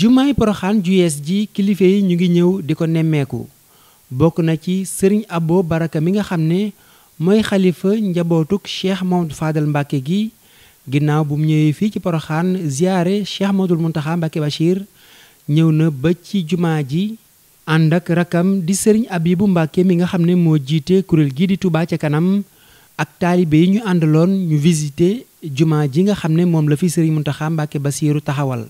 jumaay poroxaan ju yees ji kilifa yi ñu ngi ñëw di ko nemmeeku bokk na ci sëriñ Abo Baraka mi nga xam ne mooy xalifa njabootuk cheikh Mamadou Fadal Mbàkke gi ginnaaw bu ñëwee fii ci poroxaan ziyaare cheikh Mamadou Muntaxa Mbàkke Bachir ñëw na ba ci jumaa ji ànd ak rakam di sëriñ ab yi bu Mbàkke mi nga xam ne moo jiite kuréel gi di tubaa ca kanam ak taalibe yi ñu àndaloon ñu visité jumaa ji nga xam ne moom la fi sëriñ Muntaxa Mbàkke Basiiru taxawal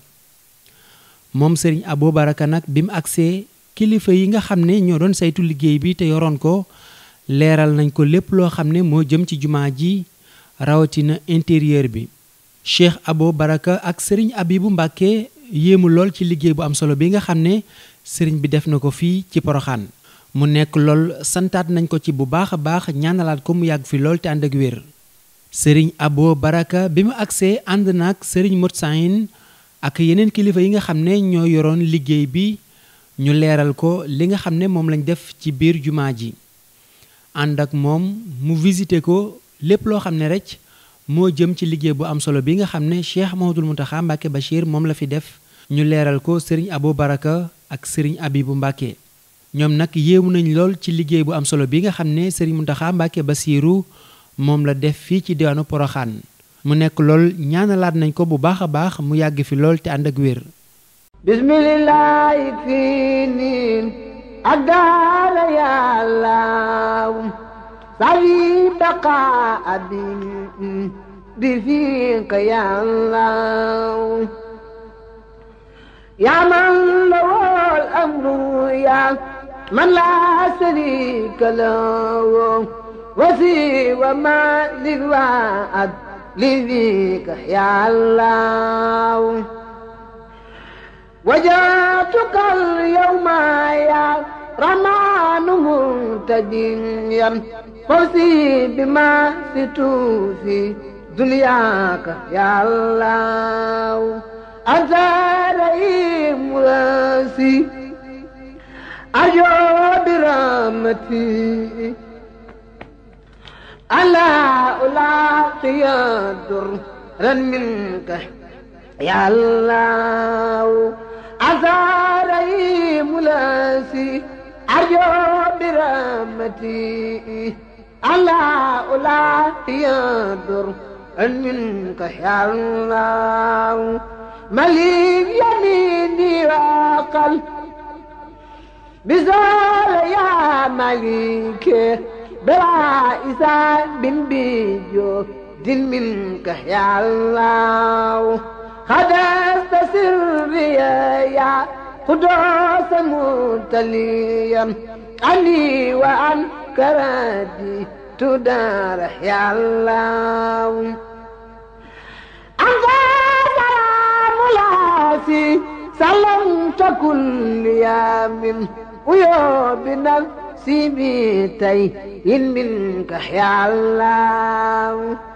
moom sëriñ Abou Baraka nag bi mu agsee kilifa yi nga xam ne ñoo doon saytu liggéey bi te yoroon ko leeral nañ ko lépp loo xam ne moo jëm ci jumaa ji rawatina intérieur bi Cheikh Abou Baraka ak sëriñ bu Mbàkke yéemu lool ci liggéey bu am solo bi nga xam ne sëriñ bi def na ko fii ci Poroxaan mu nekk lool santaat nañ ko ci bu baax a baax ñaanalaat ko mu yàgg fi lool te ànd ak wér sëriñ Abou Baraka bi mu agsee ànd naag sëriñ Motsayin ak yeneen kilifa yi nga xam ne ñoo yoroon liggéey bi ñu leeral ko li nga xam ne moom lañ def ci biir jumaa ji ànd ak moom mu visité ko lépp loo xam ne rek moo jëm ci liggéey bu am solo bi nga xam ne Cheikh Mahamadul Muntaxa Mbàkke Bachir moom la fi def ñu leeral ko sëriñ Abou Baraka ak sëriñ bu Mbàkke ñoom nag yéemu nañ lool ci liggéey bu am solo bi nga xam ne sëriñ Muntaxa Mbàkke Basiru moom la def fii ci diwaanu Poroxaan mu nekk lool ñaanalaat nañ ko bu baax a baax mu yàgg fi lool te ànd ak wér bismillaahi fii niin ak daara yàllaaw sawi baqaa abin di fii ka yàllaaw yaa man la wool amru yaa man laa sariika law wasi wa ma lil waad لذيك يا الله وجاتك اليوم يا رمان منتجيا فوزي بما ستوفي دنياك يا الله أنت رئيم راسي أجو برحمتي على يا درا منك يا الله أزاري ملاسي أرجو برحمتي ألا أولا يا درا منك يا الله مليك يميني وقلبي بزول يا مليك بلا إسان بن بيجو دل منك يا الله خدست سري يا قدوس متليا عني وعن كرادي تدار يا الله أنت سلام لاسي سلمت كل يوم ويا بنفسي بيتي منك يا الله